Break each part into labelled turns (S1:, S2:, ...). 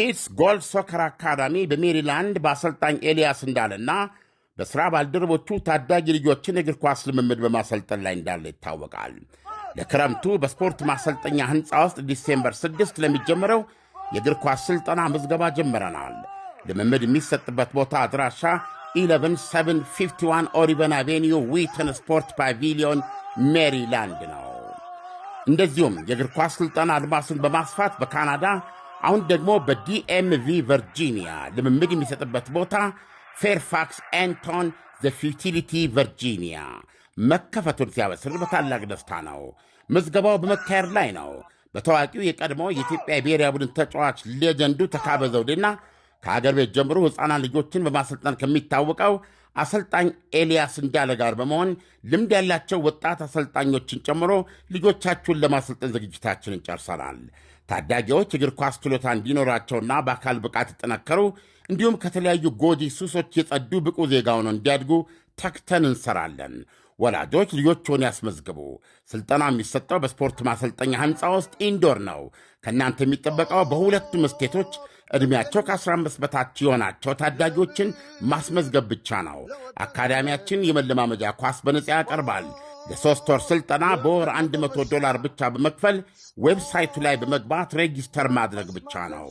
S1: ስቴትስ ጎልፍ ሶከር አካዳሚ በሜሪላንድ በአሰልጣኝ ኤልያስ እንዳለና በሥራ ባልደረቦቹ ታዳጊ ልጆችን የእግር ኳስ ልምምድ በማሰልጠን ላይ እንዳለ ይታወቃል። ለክረምቱ በስፖርት ማሰልጠኛ ሕንፃ ውስጥ ዲሴምበር 6 ለሚጀምረው የእግር ኳስ ሥልጠና ምዝገባ ጀምረናል። ልምምድ የሚሰጥበት ቦታ አድራሻ 11751 ኦሪቨን አቬኒዩ ዊትን ስፖርት ፓቪሊዮን ሜሪላንድ ነው። እንደዚሁም የእግር ኳስ ሥልጠና አድማሱን በማስፋት በካናዳ አሁን ደግሞ በዲኤምቪ ቨርጂኒያ ልምምድ የሚሰጥበት ቦታ ፌርፋክስ ኤንቶን ዘ ፊውቲሊቲ ቨርጂኒያ መከፈቱን ሲያበስር በታላቅ ደስታ ነው። ምዝገባው በመካሄድ ላይ ነው። በታዋቂው የቀድሞ የኢትዮጵያ የብሔራዊ ቡድን ተጫዋች ሌጀንዱ ተካበ ዘውዴና ከሀገር ቤት ጀምሮ ሕፃናት ልጆችን በማሰልጠን ከሚታወቀው አሰልጣኝ ኤልያስ እንዳለ ጋር በመሆን ልምድ ያላቸው ወጣት አሰልጣኞችን ጨምሮ ልጆቻችሁን ለማሰልጠን ዝግጅታችንን ጨርሰናል። ታዳጊዎች እግር ኳስ ችሎታ እንዲኖራቸውና በአካል ብቃት ይጠነከሩ እንዲሁም ከተለያዩ ጎጂ ሱሶች የጸዱ ብቁ ዜጋ ሆነው እንዲያድጉ ተክተን እንሰራለን። ወላጆች ልጆችን ያስመዝግቡ። ስልጠና የሚሰጠው በስፖርት ማሰልጠኛ ሕንፃ ውስጥ ኢንዶር ነው። ከእናንተ የሚጠበቀው በሁለቱም ስቴቶች ዕድሜያቸው ከ15 በታች የሆናቸው ታዳጊዎችን ማስመዝገብ ብቻ ነው። አካዳሚያችን የመለማመጃ ኳስ በነፃ ያቀርባል። የሦስት ወር ሥልጠና በወር 100 ዶላር ብቻ በመክፈል ዌብሳይቱ ላይ በመግባት ሬጂስተር ማድረግ ብቻ ነው።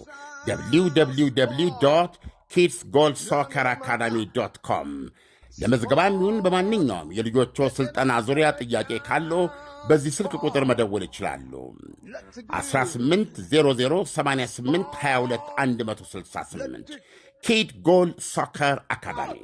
S1: www ኪድስ ጎል ሶከር አካዳሚ ዶት ኮም። ለመዝገባ የሚሆን በማንኛውም የልጆቹ ሥልጠና ዙሪያ ጥያቄ ካለው በዚህ ስልክ ቁጥር መደወል ይችላሉ። 18008822 ኪድ ጎል ሶከር አካዳሚ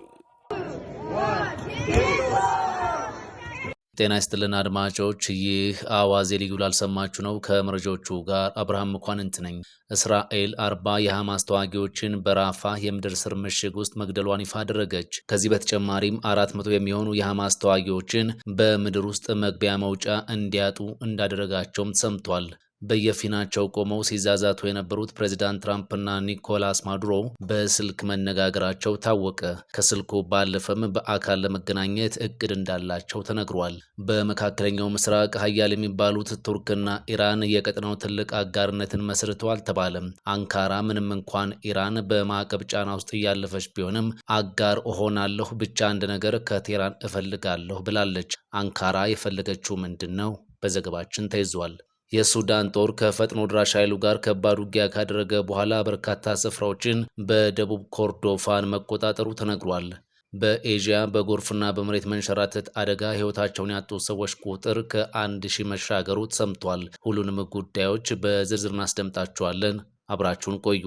S2: ጤና ይስጥልን አድማጮች፣ ይህ አዋዜ ልዩ ላልሰማችሁ ነው። ከመረጃዎቹ ጋር አብርሃም መኳንንት ነኝ። እስራኤል አርባ የሐማስ ተዋጊዎችን በራፋ የምድር ስር ምሽግ ውስጥ መግደሏን ይፋ አደረገች። ከዚህ በተጨማሪም አራት መቶ የሚሆኑ የሐማስ ተዋጊዎችን በምድር ውስጥ መግቢያ መውጫ እንዲያጡ እንዳደረጋቸውም ተሰምቷል። በየፊናቸው ቆመው ሲዛዛቱ የነበሩት ፕሬዚዳንት ትራምፕና ኒኮላስ ማዱሮ በስልክ መነጋገራቸው ታወቀ። ከስልኩ ባለፈም በአካል ለመገናኘት እቅድ እንዳላቸው ተነግሯል። በመካከለኛው ምስራቅ ሀያል የሚባሉት ቱርክና ኢራን የቀጠናው ትልቅ አጋርነትን መስርተው አልተባለም። አንካራ ምንም እንኳን ኢራን በማዕቀብ ጫና ውስጥ እያለፈች ቢሆንም አጋር እሆናለሁ ብቻ አንድ ነገር ከቴህራን እፈልጋለሁ ብላለች። አንካራ የፈለገችው ምንድን ነው? በዘገባችን ተይዟል። የሱዳን ጦር ከፈጥኖ ድራሽ ኃይሉ ጋር ከባድ ውጊያ ካደረገ በኋላ በርካታ ስፍራዎችን በደቡብ ኮርዶፋን መቆጣጠሩ ተነግሯል። በኤዥያ በጎርፍና በመሬት መንሸራተት አደጋ ሕይወታቸውን ያጡ ሰዎች ቁጥር ከአንድ ሺህ መሻገሩ ተሰምቷል። ሁሉንም ጉዳዮች በዝርዝር እናስደምጣቸዋለን። አብራችሁን ቆዩ።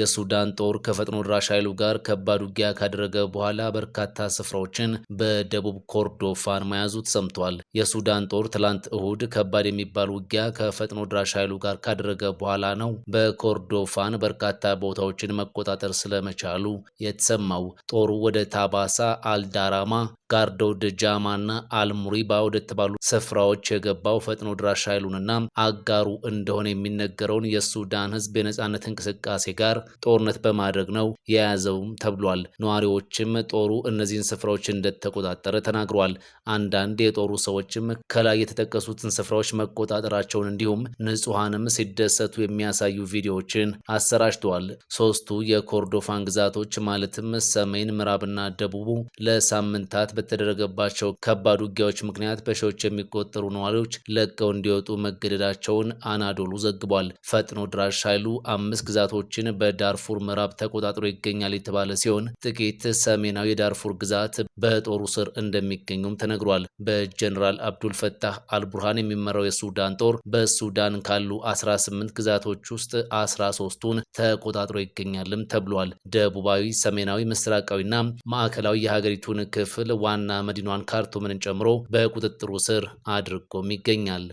S2: የሱዳን ጦር ከፈጥኖ ድራሽ ኃይሉ ጋር ከባድ ውጊያ ካደረገ በኋላ በርካታ ስፍራዎችን በደቡብ ኮርዶፋን መያዙ ተሰምቷል። የሱዳን ጦር ትላንት እሁድ ከባድ የሚባል ውጊያ ከፈጥኖ ድራሽ ኃይሉ ጋር ካደረገ በኋላ ነው በኮርዶፋን በርካታ ቦታዎችን መቆጣጠር ስለመቻሉ የተሰማው። ጦሩ ወደ ታባሳ፣ አልዳራማ፣ ጋርዶ ደጃማ እና አልሙሪባ ወደተባሉ ስፍራዎች የገባው ፈጥኖ ድራሽ ኃይሉንና አጋሩ እንደሆነ የሚነገረውን የሱዳን ህዝብ የነጻነት እንቅስቃሴ ጋር ጦርነት በማድረግ ነው የያዘውም ተብሏል። ነዋሪዎችም ጦሩ እነዚህን ስፍራዎች እንደተቆጣጠረ ተናግሯል። አንዳንድ የጦሩ ሰዎችም ከላይ የተጠቀሱትን ስፍራዎች መቆጣጠራቸውን እንዲሁም ንጹሐንም ሲደሰቱ የሚያሳዩ ቪዲዮዎችን አሰራጭተዋል። ሶስቱ የኮርዶፋን ግዛቶች ማለትም ሰሜን ምዕራብና ደቡቡ ለሳምንታት በተደረገባቸው ከባድ ውጊያዎች ምክንያት በሺዎች የሚቆጠሩ ነዋሪዎች ለቀው እንዲወጡ መገደዳቸውን አናዶሉ ዘግቧል። ፈጥኖ ድራሽ ኃይሉ አምስት ግዛቶችን በ በዳርፉር ምዕራብ ተቆጣጥሮ ይገኛል የተባለ ሲሆን ጥቂት ሰሜናዊ የዳርፉር ግዛት በጦሩ ስር እንደሚገኙም ተነግሯል። በጀኔራል አብዱል ፈታህ አልቡርሃን የሚመራው የሱዳን ጦር በሱዳን ካሉ 18 ግዛቶች ውስጥ 13ቱን ተቆጣጥሮ ይገኛልም ተብሏል። ደቡባዊ፣ ሰሜናዊ፣ ምስራቃዊና ማዕከላዊ የሀገሪቱን ክፍል ዋና መዲኗን ካርቱምን ጨምሮ በቁጥጥሩ ስር አድርጎም ይገኛል።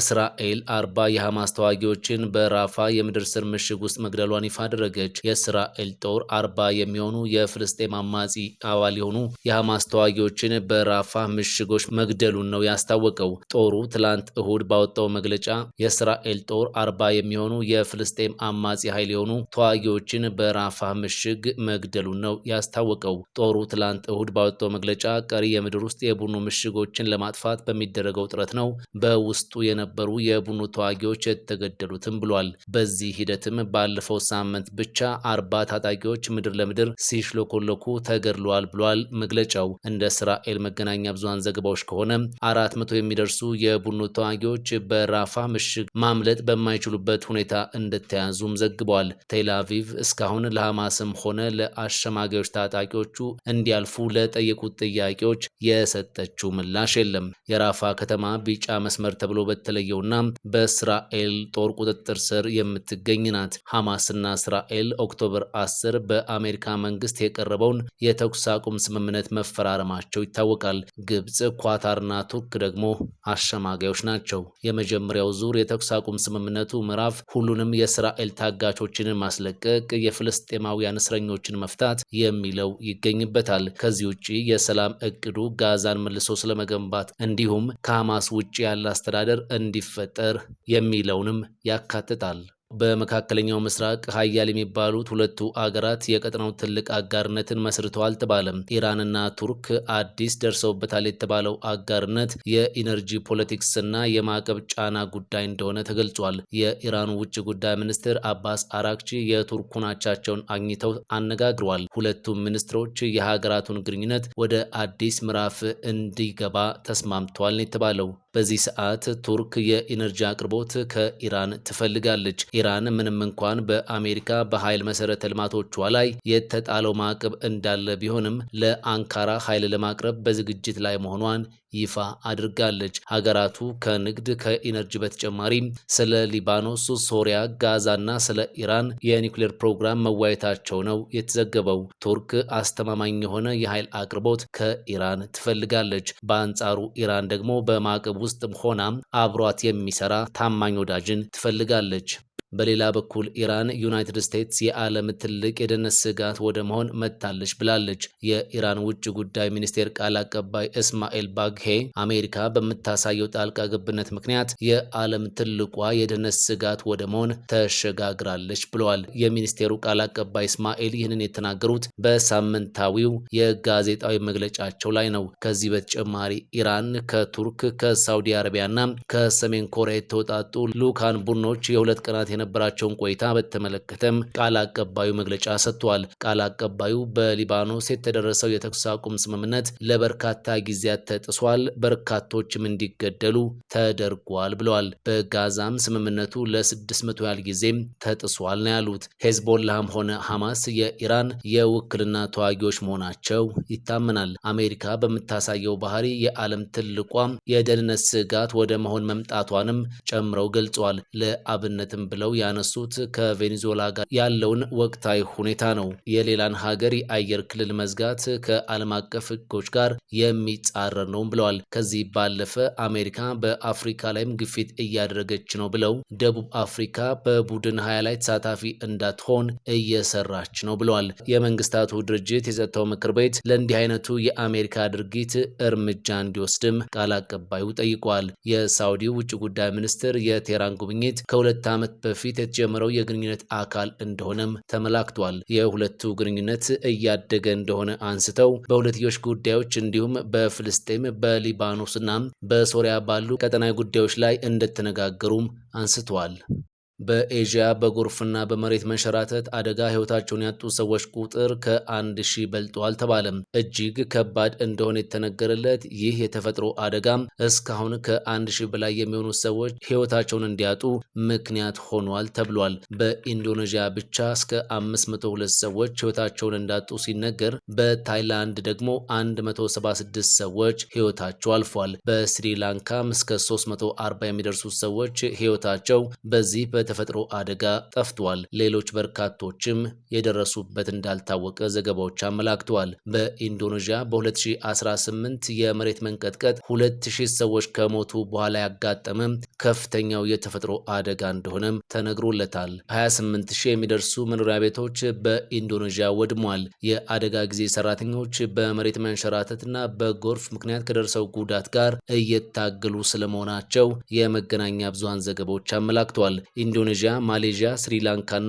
S2: እስራኤል አርባ የሐማስ ተዋጊዎችን በራፋ የምድር ስር ምሽግ ውስጥ መግደሏን ይፋ አደረገች። የእስራኤል ጦር አርባ የሚሆኑ የፍልስጤም አማጺ አባል የሆኑ የሐማስ ተዋጊዎችን በራፋ ምሽጎች መግደሉን ነው ያስታወቀው። ጦሩ ትላንት እሁድ ባወጣው መግለጫ የእስራኤል ጦር አርባ የሚሆኑ የፍልስጤም አማጺ ኃይል የሆኑ ተዋጊዎችን በራፋ ምሽግ መግደሉን ነው ያስታወቀው። ጦሩ ትላንት እሁድ ባወጣው መግለጫ ቀሪ የምድር ውስጥ የቡድኑ ምሽጎችን ለማጥፋት በሚደረገው ጥረት ነው በውስጡ የነ የነበሩ የቡኑ ተዋጊዎች የተገደሉትም ብሏል። በዚህ ሂደትም ባለፈው ሳምንት ብቻ አርባ ታጣቂዎች ምድር ለምድር ሲሽለኮለኩ ተገድለዋል ብሏል መግለጫው። እንደ እስራኤል መገናኛ ብዙሃን ዘገባዎች ከሆነ አራት መቶ የሚደርሱ የቡኑ ተዋጊዎች በራፋ ምሽግ ማምለጥ በማይችሉበት ሁኔታ እንደተያዙም ዘግቧል። ቴል አቪቭ እስካሁን ለሐማስም ሆነ ለአሸማጊዎች ታጣቂዎቹ እንዲያልፉ ለጠየቁት ጥያቄዎች የሰጠችው ምላሽ የለም። የራፋ ከተማ ቢጫ መስመር ተብሎ በተ የተለየውና በእስራኤል ጦር ቁጥጥር ስር የምትገኝ ናት። ሐማስና እስራኤል ኦክቶበር 10 በአሜሪካ መንግስት የቀረበውን የተኩስ አቁም ስምምነት መፈራረማቸው ይታወቃል። ግብፅ፣ ኳታርና ቱርክ ደግሞ አሸማጋዮች ናቸው። የመጀመሪያው ዙር የተኩስ አቁም ስምምነቱ ምዕራፍ ሁሉንም የእስራኤል ታጋቾችን ማስለቀቅ፣ የፍልስጤማውያን እስረኞችን መፍታት የሚለው ይገኝበታል። ከዚህ ውጭ የሰላም እቅዱ ጋዛን መልሶ ስለመገንባት እንዲሁም ከሐማስ ውጭ ያለ አስተዳደር እንዲፈጠር የሚለውንም ያካትታል። በመካከለኛው ምስራቅ ሀያል የሚባሉት ሁለቱ አገራት የቀጠናው ትልቅ አጋርነትን መስርተዋል ተባለም። ኢራንና ቱርክ አዲስ ደርሰውበታል የተባለው አጋርነት የኢነርጂ ፖለቲክስ እና የማዕቀብ ጫና ጉዳይ እንደሆነ ተገልጿል። የኢራኑ ውጭ ጉዳይ ሚኒስትር አባስ አራክቺ የቱርኩን አቻቸውን አግኝተው አነጋግሯል። ሁለቱም ሚኒስትሮች የሀገራቱን ግንኙነት ወደ አዲስ ምዕራፍ እንዲገባ ተስማምተዋል የተባለው በዚህ ሰዓት ቱርክ የኢነርጂ አቅርቦት ከኢራን ትፈልጋለች። ኢራን ምንም እንኳን በአሜሪካ በኃይል መሰረተ ልማቶቿ ላይ የተጣለው ማዕቀብ እንዳለ ቢሆንም ለአንካራ ኃይል ለማቅረብ በዝግጅት ላይ መሆኗን ይፋ አድርጋለች። ሀገራቱ ከንግድ ከኢነርጂ በተጨማሪ ስለ ሊባኖስ፣ ሶሪያ፣ ጋዛና ስለ ኢራን የኒውክሌር ፕሮግራም መዋየታቸው ነው የተዘገበው። ቱርክ አስተማማኝ የሆነ የኃይል አቅርቦት ከኢራን ትፈልጋለች። በአንጻሩ ኢራን ደግሞ በማዕቀብ ውስጥ ሆና አብሯት የሚሰራ ታማኝ ወዳጅን ትፈልጋለች። በሌላ በኩል ኢራን ዩናይትድ ስቴትስ የዓለም ትልቅ የደህንነት ስጋት ወደ መሆን መጥታለች ብላለች። የኢራን ውጭ ጉዳይ ሚኒስቴር ቃል አቀባይ እስማኤል ባግሄ አሜሪካ በምታሳየው ጣልቃ ገብነት ምክንያት የዓለም ትልቋ የደህንነት ስጋት ወደ መሆን ተሸጋግራለች ብለዋል። የሚኒስቴሩ ቃል አቀባይ እስማኤል ይህንን የተናገሩት በሳምንታዊው የጋዜጣዊ መግለጫቸው ላይ ነው። ከዚህ በተጨማሪ ኢራን ከቱርክ፣ ከሳውዲ አረቢያና ከሰሜን ኮሪያ የተወጣጡ ልዑካን ቡድኖች የሁለት ቀናት የነበራቸውን ቆይታ በተመለከተም ቃል አቀባዩ መግለጫ ሰጥቷል። ቃል አቀባዩ በሊባኖስ የተደረሰው የተኩስ አቁም ስምምነት ለበርካታ ጊዜያት ተጥሷል፣ በርካቶችም እንዲገደሉ ተደርጓል ብለዋል። በጋዛም ስምምነቱ ለ600 ያህል ጊዜም ተጥሷል ነው ያሉት። ሄዝቦላህም ሆነ ሐማስ የኢራን የውክልና ተዋጊዎች መሆናቸው ይታመናል። አሜሪካ በምታሳየው ባህሪ የዓለም ትልቋም የደህንነት ስጋት ወደ መሆን መምጣቷንም ጨምረው ገልጿል። ለአብነትም ብለው ያነሱት ከቬኔዙዌላ ጋር ያለውን ወቅታዊ ሁኔታ ነው። የሌላን ሀገር የአየር ክልል መዝጋት ከዓለም አቀፍ ሕጎች ጋር የሚጻረር ነው ብለዋል። ከዚህ ባለፈ አሜሪካ በአፍሪካ ላይም ግፊት እያደረገች ነው ብለው ደቡብ አፍሪካ በቡድን ሀያ ላይ ተሳታፊ እንዳትሆን እየሰራች ነው ብለዋል። የመንግስታቱ ድርጅት የጸጥታው ምክር ቤት ለእንዲህ አይነቱ የአሜሪካ ድርጊት እርምጃ እንዲወስድም ቃል አቀባዩ ጠይቋል። የሳውዲው ውጭ ጉዳይ ሚኒስትር የቴህራን ጉብኝት ከሁለት ዓመት በፊት በፊት የተጀመረው የግንኙነት አካል እንደሆነም ተመላክቷል። የሁለቱ ግንኙነት እያደገ እንደሆነ አንስተው በሁለትዮሽ ጉዳዮች እንዲሁም በፍልስጤም በሊባኖስና በሶሪያ ባሉ ቀጠናዊ ጉዳዮች ላይ እንደተነጋገሩም አንስተዋል። በኤዥያ በጎርፍና በመሬት መንሸራተት አደጋ ሕይወታቸውን ያጡ ሰዎች ቁጥር ከአንድ ሺህ በልጧል ተባለም። እጅግ ከባድ እንደሆነ የተነገረለት ይህ የተፈጥሮ አደጋም እስካሁን ከአንድ ሺህ በላይ የሚሆኑ ሰዎች ሕይወታቸውን እንዲያጡ ምክንያት ሆኗል ተብሏል። በኢንዶኔዥያ ብቻ እስከ 502 ሰዎች ሕይወታቸውን እንዳጡ ሲነገር፣ በታይላንድ ደግሞ 176 ሰዎች ሕይወታቸው አልፏል። በስሪላንካም እስከ 340 የሚደርሱ ሰዎች ሕይወታቸው በዚህ በተ የተፈጥሮ አደጋ ጠፍቷል። ሌሎች በርካቶችም የደረሱበት እንዳልታወቀ ዘገባዎች አመላክተዋል። በኢንዶኔዥያ በ2018 የመሬት መንቀጥቀጥ 2000 ሰዎች ከሞቱ በኋላ ያጋጠመ ከፍተኛው የተፈጥሮ አደጋ እንደሆነም ተነግሮለታል። 28000 የሚደርሱ መኖሪያ ቤቶች በኢንዶኔዥያ ወድሟል። የአደጋ ጊዜ ሰራተኞች በመሬት መንሸራተትና በጎርፍ ምክንያት ከደረሰው ጉዳት ጋር እየታገሉ ስለመሆናቸው የመገናኛ ብዙሃን ዘገባዎች አመላክተዋል። ኢንዶኔዥያ፣ ማሌዥያ፣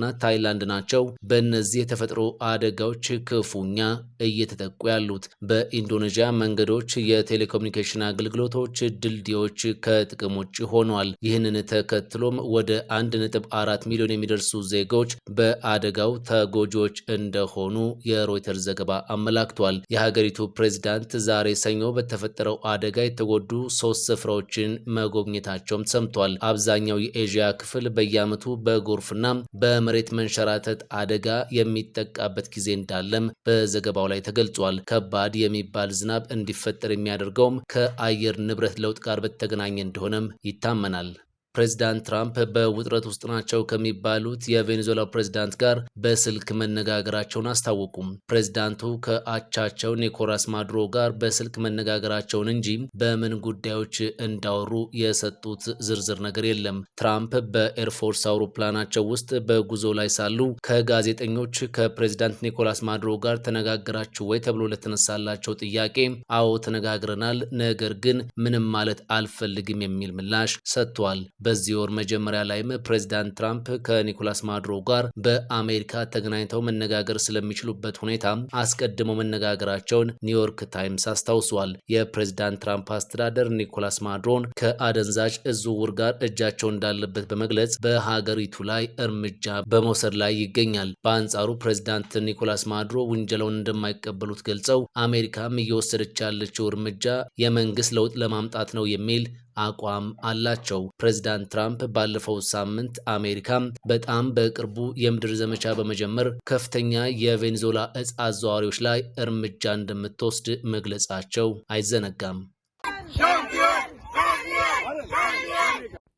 S2: ና ታይላንድ ናቸው በእነዚህ የተፈጥሮ አደጋዎች ክፉኛ እየተጠቁ ያሉት። በኢንዶኔዥያ መንገዶች፣ የቴሌኮሙኒኬሽን አገልግሎቶች፣ ድልድዮች ከጥቅም ውጭ ሆኗል። ይህንን ተከትሎም ወደ 1.4 ሚሊዮን የሚደርሱ ዜጎች በአደጋው ተጎጂዎች እንደሆኑ የሮይተርስ ዘገባ አመላክቷል። የሀገሪቱ ፕሬዚዳንት ዛሬ ሰኞ በተፈጠረው አደጋ የተጎዱ ሶስት ስፍራዎችን መጎብኘታቸውም ሰምቷል። አብዛኛው የኤዥያ ክፍል በየ በየዓመቱ በጎርፍና በመሬት መንሸራተት አደጋ የሚጠቃበት ጊዜ እንዳለም በዘገባው ላይ ተገልጿል። ከባድ የሚባል ዝናብ እንዲፈጠር የሚያደርገውም ከአየር ንብረት ለውጥ ጋር በተገናኘ እንደሆነም ይታመናል። ፕሬዚዳንት ትራምፕ በውጥረት ውስጥ ናቸው ከሚባሉት የቬኔዙዌላ ፕሬዚዳንት ጋር በስልክ መነጋገራቸውን አስታወቁም። ፕሬዚዳንቱ ከአቻቸው ኒኮላስ ማዱሮ ጋር በስልክ መነጋገራቸውን እንጂ በምን ጉዳዮች እንዳወሩ የሰጡት ዝርዝር ነገር የለም። ትራምፕ በኤርፎርስ አውሮፕላናቸው ውስጥ በጉዞ ላይ ሳሉ ከጋዜጠኞች ከፕሬዚዳንት ኒኮላስ ማዱሮ ጋር ተነጋግራችሁ ወይ ተብሎ ለተነሳላቸው ጥያቄ አዎ ተነጋግረናል፣ ነገር ግን ምንም ማለት አልፈልግም የሚል ምላሽ ሰጥቷል። በዚህ ወር መጀመሪያ ላይም ፕሬዚዳንት ትራምፕ ከኒኮላስ ማዱሮ ጋር በአሜሪካ ተገናኝተው መነጋገር ስለሚችሉበት ሁኔታ አስቀድመው መነጋገራቸውን ኒውዮርክ ታይምስ አስታውሷል። የፕሬዚዳንት ትራምፕ አስተዳደር ኒኮላስ ማዱሮን ከአደንዛዥ እጽ ዝውውር ጋር እጃቸው እንዳለበት በመግለጽ በሀገሪቱ ላይ እርምጃ በመውሰድ ላይ ይገኛል። በአንጻሩ ፕሬዚዳንት ኒኮላስ ማዱሮ ውንጀላውን እንደማይቀበሉት ገልጸው አሜሪካም እየወሰደች ያለችው እርምጃ የመንግስት ለውጥ ለማምጣት ነው የሚል አቋም አላቸው። ፕሬዚዳንት ትራምፕ ባለፈው ሳምንት አሜሪካ በጣም በቅርቡ የምድር ዘመቻ በመጀመር ከፍተኛ የቬኔዙዌላ እጽ አዘዋዋሪዎች ላይ እርምጃ እንደምትወስድ መግለጻቸው አይዘነጋም።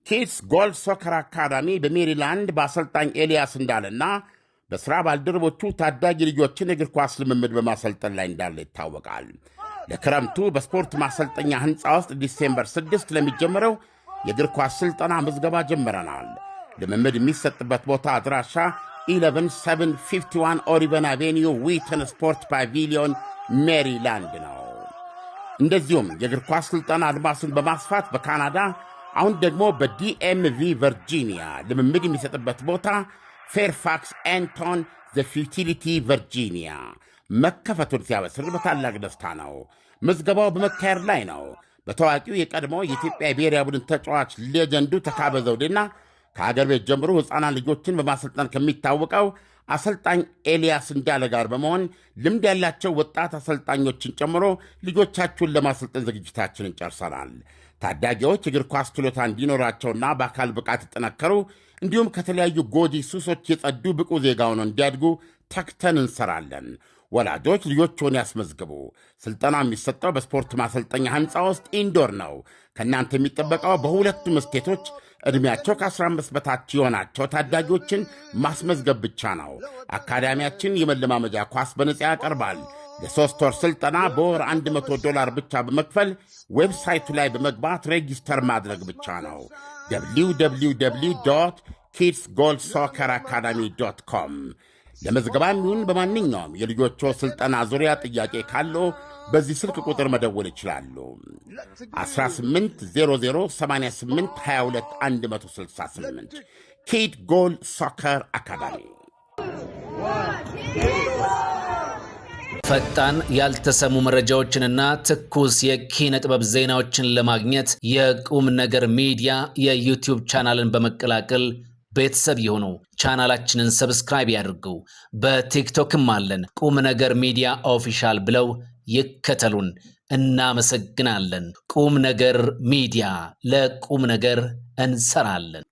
S1: ኪድስ ጎልድ ሶከር አካዳሚ በሜሪላንድ በአሰልጣኝ ኤልያስ እንዳለና በሥራ ባልደረቦቹ ታዳጊ ልጆችን እግር ኳስ ልምምድ በማሰልጠን ላይ እንዳለ ይታወቃል። ለክረምቱ በስፖርት ማሰልጠኛ ሕንፃ ውስጥ ዲሴምበር 6 ለሚጀምረው የእግር ኳስ ሥልጠና ምዝገባ ጀምረናል። ልምምድ የሚሰጥበት ቦታ አድራሻ 11751 ኦሪቨን አቬኒዩ ዊትን ስፖርት ፓቪሊዮን ሜሪላንድ ነው። እንደዚሁም የእግር ኳስ ሥልጠና አድማሱን በማስፋት በካናዳ አሁን ደግሞ በዲኤምቪ ቨርጂኒያ ልምምድ የሚሰጥበት ቦታ ፌርፋክስ አንቶን ዘ ፊውቲሊቲ ቨርጂኒያ መከፈቱን ሲያበስር በታላቅ ደስታ ነው። ምዝገባው በመካሄድ ላይ ነው። በታዋቂው የቀድሞ የኢትዮጵያ የብሔራዊ ቡድን ተጫዋች ሌጀንዱ ተካበ ዘውዴና ከአገር ቤት ጀምሮ ሕፃናት ልጆችን በማሰልጠን ከሚታወቀው አሰልጣኝ ኤልያስ እንዳለ ጋር በመሆን ልምድ ያላቸው ወጣት አሰልጣኞችን ጨምሮ ልጆቻችሁን ለማሰልጠን ዝግጅታችንን ጨርሰናል። ታዳጊዎች እግር ኳስ ችሎታ እንዲኖራቸውና በአካል ብቃት የጠነከሩ እንዲሁም ከተለያዩ ጎጂ ሱሶች የጸዱ ብቁ ዜጋ ሆነው እንዲያድጉ ተክተን እንሰራለን። ወላጆች ልጆችዎን ያስመዝግቡ። ስልጠና የሚሰጠው በስፖርት ማሰልጠኛ ሕንፃ ውስጥ ኢንዶር ነው። ከእናንተ የሚጠበቀው በሁለቱም ስቴቶች ዕድሜያቸው ከ15 በታች የሆናቸው ታዳጊዎችን ማስመዝገብ ብቻ ነው። አካዳሚያችን የመለማመጃ ኳስ በነፃ ያቀርባል። የሦስት ወር ሥልጠና በወር 100 ዶላር ብቻ በመክፈል ዌብሳይቱ ላይ በመግባት ሬጂስተር ማድረግ ብቻ ነው። www ኪድስ ጎል ሶከር አካዳሚ ዶት ኮም ለመዝገባም ይሁን በማንኛውም የልጆቿ ሥልጠና ዙሪያ ጥያቄ ካለው በዚህ ስልክ ቁጥር መደወል ይችላሉ። 18008822 ኪድ ጎል ሶከር አካዳሚ።
S2: ፈጣን ያልተሰሙ መረጃዎችንና ትኩስ የኪነ ጥበብ ዜናዎችን ለማግኘት የቁም ነገር ሚዲያ የዩቲዩብ ቻናልን በመቀላቀል ቤተሰብ ይሆኑ። ቻናላችንን ሰብስክራይብ ያድርጉ። በቲክቶክም አለን። ቁም ነገር ሚዲያ ኦፊሻል ብለው ይከተሉን። እናመሰግናለን። ቁም ነገር ሚዲያ ለቁም ነገር እንሰራለን።